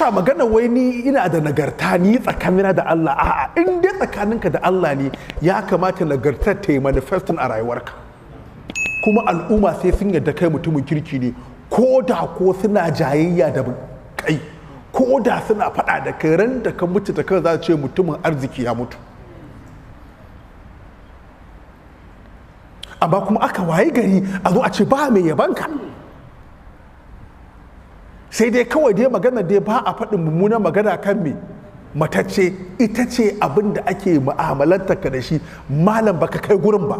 sa magana wai ni ina da nagarta ni tsakanina da Allah a'a in dai tsakaninka da Allah ne ya kamata nagartar ta yi manifestin a rayuwarka kuma al'umma sai sun yarda kai mutumin kirki ne ko da ko suna jayayya da kai ko da suna faɗa da kai ran da ka mutu da kai za ce mutumin arziki ya mutu amma kuma aka waye gari a zo a ce ba mai yabanka sai dai kawai dai magana dai ba a faɗin mummuna magana kan me matacce ita ce abin da ake ma'amalanta ka da shi malam baka kai gurin ba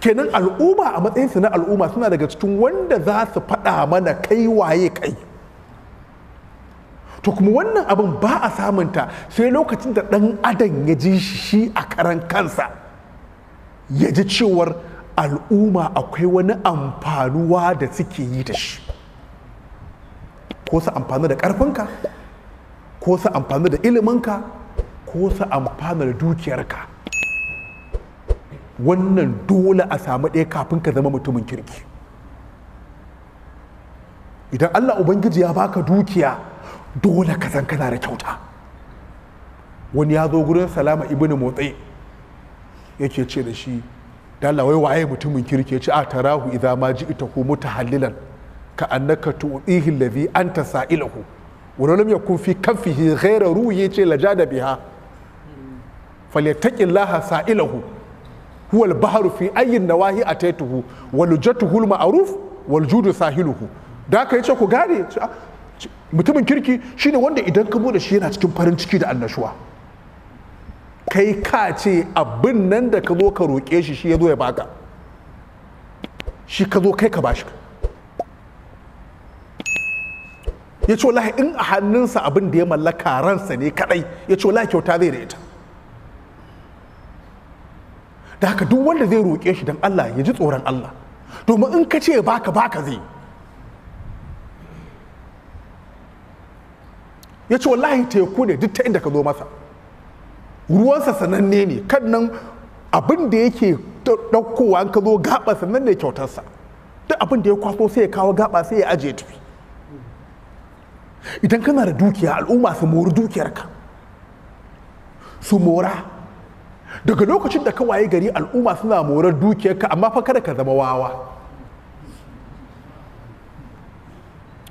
kenan al'umma a matsayinsu na al'umma suna daga cikin wanda za su faɗa mana kai waye kai to kuma wannan abin ba a samunta sai lokacin da ɗan adam ya ji shi a karan kansa ya ji cewar al'umma akwai wani amfanuwa da suke yi da shi ko su amfani da ƙarfinka ko su amfani da iliminka ko su amfani da dukiyarka wannan dole a samu ɗaya kafin ka zama mutumin kirki idan allah ubangiji ya baka dukiya dole ka zan kana da kyauta wani ya zo gurin salama ibn motsi yake ce da shi da Allah wai waye mutumin kirki ya a tarahu idza ma ji'ta hu mutahallilan ka annaka tu'ihi allazi anta sa'ilahu wa lam yakun fi kanfihi ghayra ruhi ce lajada biha falyattaqillaha sa'ilahu huwa al-bahru fi ayyi nawahi ataytuhu walujatuhu al-ma'ruf wal sahiluhu da ka yace ku gane ah, mutumin kirki shine wanda idan ka bude shi yana cikin farin ciki da annashuwa kai ka ce abin nan da ka zo ka roƙe shi shi ya zo ya baka shi ka zo kai ka bashi ya ce wallahi in a hannunsa abin da ya mallaka ransa ne kadai ya ce wallahi kyauta zai da ita da haka duk wanda zai roƙe shi don Allah ya ji tsoron Allah domin in ka ce baka baka zai ya ce wallahi teku ne duk ta inda ka zo masa ruwansa sananne ne kan nan abin da yake ɗaukowa an ka zo gaɓa sannan ne kyautarsa duk abin da ya kwaso sai ya kawo gaɓa sai ya ajiye tafi idan kana da dukiya al'umma su mori dukiyarka su mora daga lokacin da ka waye gari al'umma suna morar dukiyarka amma fa kada ka zama wawa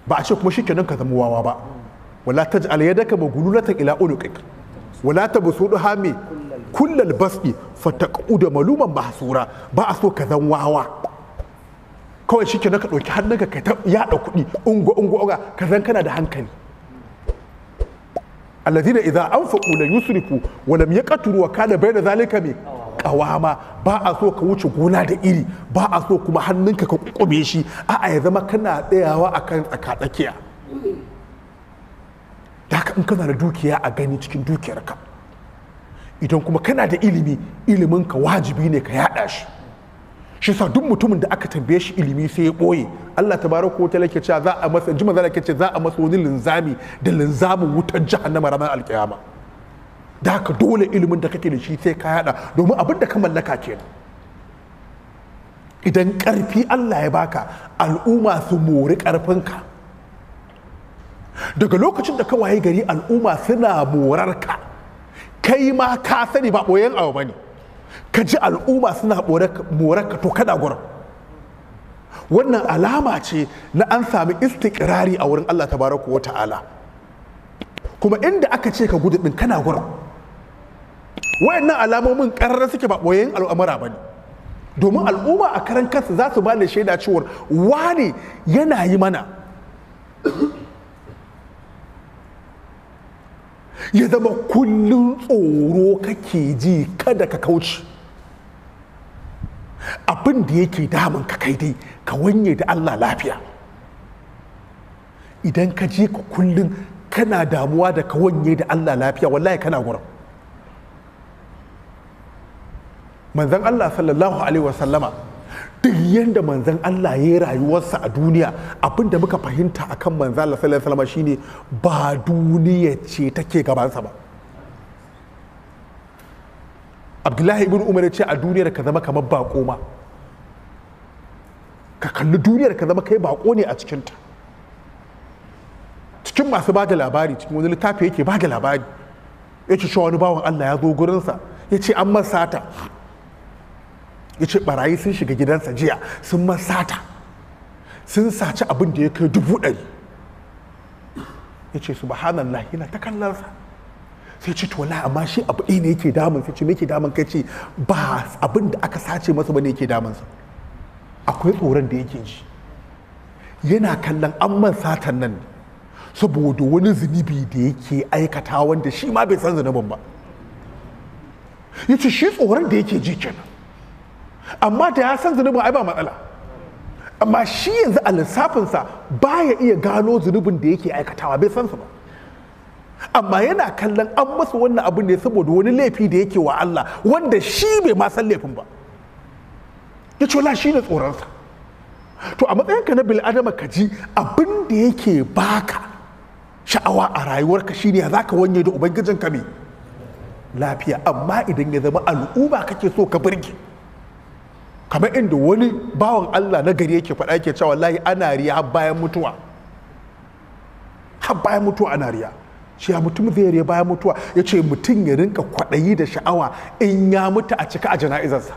ba a ce kuma shi kenan ka zama wawa ba wala taj'al yadaka magululatan ila unuki. wala ta busudu me kullal basti fataku da maluman mahsura ba a so ka zan wawa kawai shi na ka ɗauki hannunka ka ta yaɗa kuɗi ungo ungo ungo ka zan kana da hankali alladhina idza anfaqu la yusrifu wa lam yaqturu wa kana bayna zalika bi kawama ba a so ka wuce gona da iri ba a so kuma hannunka ka kube shi a'a ya zama kana tsayawa akan tsakiya da haka in kana da dukiya a gani cikin dukiyarka idan kuma kana da ilimi iliminka wajibi ne ka yada shi shi sa duk mutumin da aka tambaye shi ilimi sai ya ɓoye Allah tabaraka wata lake cewa za a masa jima za ce za a masa wani linzami da linzamin wutar jahannama ranar alkiyama da haka dole ilimin da kake da shi sai ka yada domin abin da ka mallaka ke idan karfi Allah ya baka al'umma su mori karfinka daga lokacin da ka waye gari al'umma suna morar ka kai ma ka sani ba ɓoyen abu ba ne ka ji al'umma suna morar ka to kada gurin wannan alama ce na an sami istikirari a wurin Allah tabaraka wa ta'ala kuma inda aka ce ka gudu ɗin kana gurin wayannan alamomin ƙararra suke ba ɓoyen al'amura ba ne domin al'umma a karan kansu za su ba da shaida cewar wani yana yi mana ya zama kullum tsoro kake ji kada ka kauce abin da yake damun ka kai dai ka wanye da Allah lafiya idan ka je ka kullum kana damuwa da ka wanye da Allah lafiya wallahi kana gurin manzan Allah sallallahu alaihi wasallama duk yadda manzan Allah ya yi rayuwarsa a duniya abinda muka fahimta akan manzan Allah sallallahu alaihi shine ba duniya ce take gabansa ba Abdullahi ibn Umar ce a duniyar ka zama kamar bako ma ka kalli duniyar ka zama kai bako ne a cikinta cikin masu bada labari cikin wani littafi yake bada da labari yake cewa wani bawan Allah ya zo gurinsa ya ce an masata ya ce barayi sun shiga gidansa jiya sun masata sun saci abin da ya kai dubu ɗari ya ce subhanallah yana ta kallonsa sai ce tola amma shi abu ɗaya ne yake damun sai ce me ke damun kai ce ba abin da aka sace masa bane yake sa akwai tsoron da yake ji yana kallon an man satan nan saboda wani zunubi da yake aikata wanda shi ma bai san zunubin ba ya ce shi tsoron da yake ji kenan amma ta ya san zunubin ai ba matsala amma shi yanzu a lissafinsa ba ya iya gano zunubin da yake aikatawa bai san su ba amma yana kallon an masa wannan abin ne saboda wani laifi da yake wa Allah wanda shi bai ma san laifin ba ya ce shi ne tsoronsa to a matsayinka na bil'adama ka ji abin da yake baka sha'awa a rayuwarka shine ya zaka wanye da ubangijinka mai lafiya amma idan ya zama al'umma kake so ka birge kamar inda wani bawan Allah na gari yake faɗa yake cewa layi ana riya bayan mutuwa har bayan mutuwa ana riya shi ya mutum zai riya bayan mutuwa ya ce mutum ya rinka kwaɗayi da sha'awa in ya mutu a cika a jana'izarsa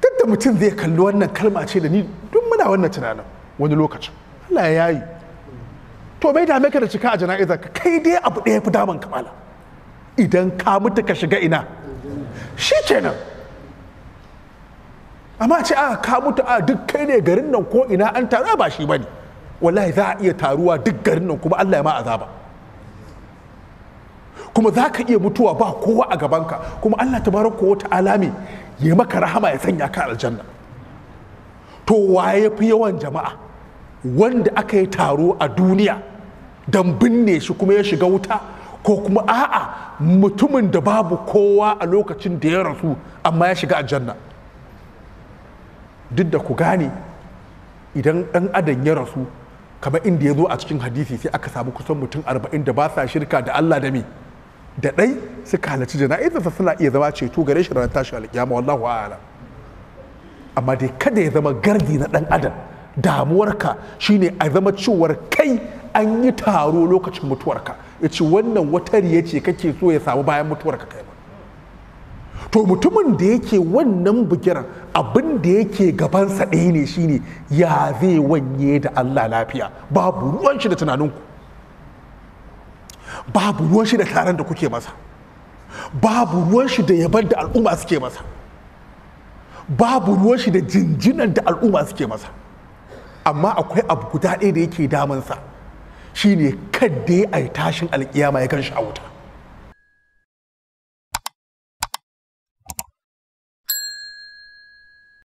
duk da mutum zai kalli wannan kalma ce da ni duk muna wannan tunanin wani lokacin Allah ya yi to bai dame ka da cika a jana'izar ka kai dai abu ɗaya fi daman malam idan ka mutu ka shiga ina shi kenan amma ce a ah, ka mutu a ah, duk kai ne garin nan ko ina an taru ba shi bane wallahi za a iya taruwa duk garin nan kuma Allah ya ma azaba kuma za ka iya mutuwa ba kowa a gabanka kuma Allah tabaraka wa ta'ala alami ya maka rahama ya sanya ka aljanna to waye fi yawan jama'a wanda aka yi taro a duniya don binne shi kuma ya shiga wuta ko kuma a'a mutumin da babu kowa a lokacin da ya rasu amma ya shiga aljanna duk da ku gane idan ɗan adam ya rasu kamar inda ya zo a cikin hadisi sai aka samu kusan mutum arba'in da ba sa shirka da Allah da me da ɗai suka halarci jana'izarsa suna iya zama ceto gare shi ranar tashi alƙiyama wallahu a'ala amma dai kada ya zama gardi na ɗan adam damuwarka shine a zama cewar kai an yi taro lokacin mutuwarka ya ce wannan wata riya ce kake so ya samu bayan mutuwar ka kai ba to mutumin da yake wannan bugiran abin da yake gabansa ɗaya ne shine ya zai wanye da Allah lafiya babu ruwan shi da tunaninku babu ruwan shi da taron da kuke masa babu ruwan shi da yabar da al'umma suke masa babu ruwan shi da jinjinan da al'umma suke masa amma akwai abu guda ɗaya da yake damansa shine kadde yi tashin alkiyama ya kan shi a wuta